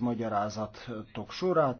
magyarázatok sorát.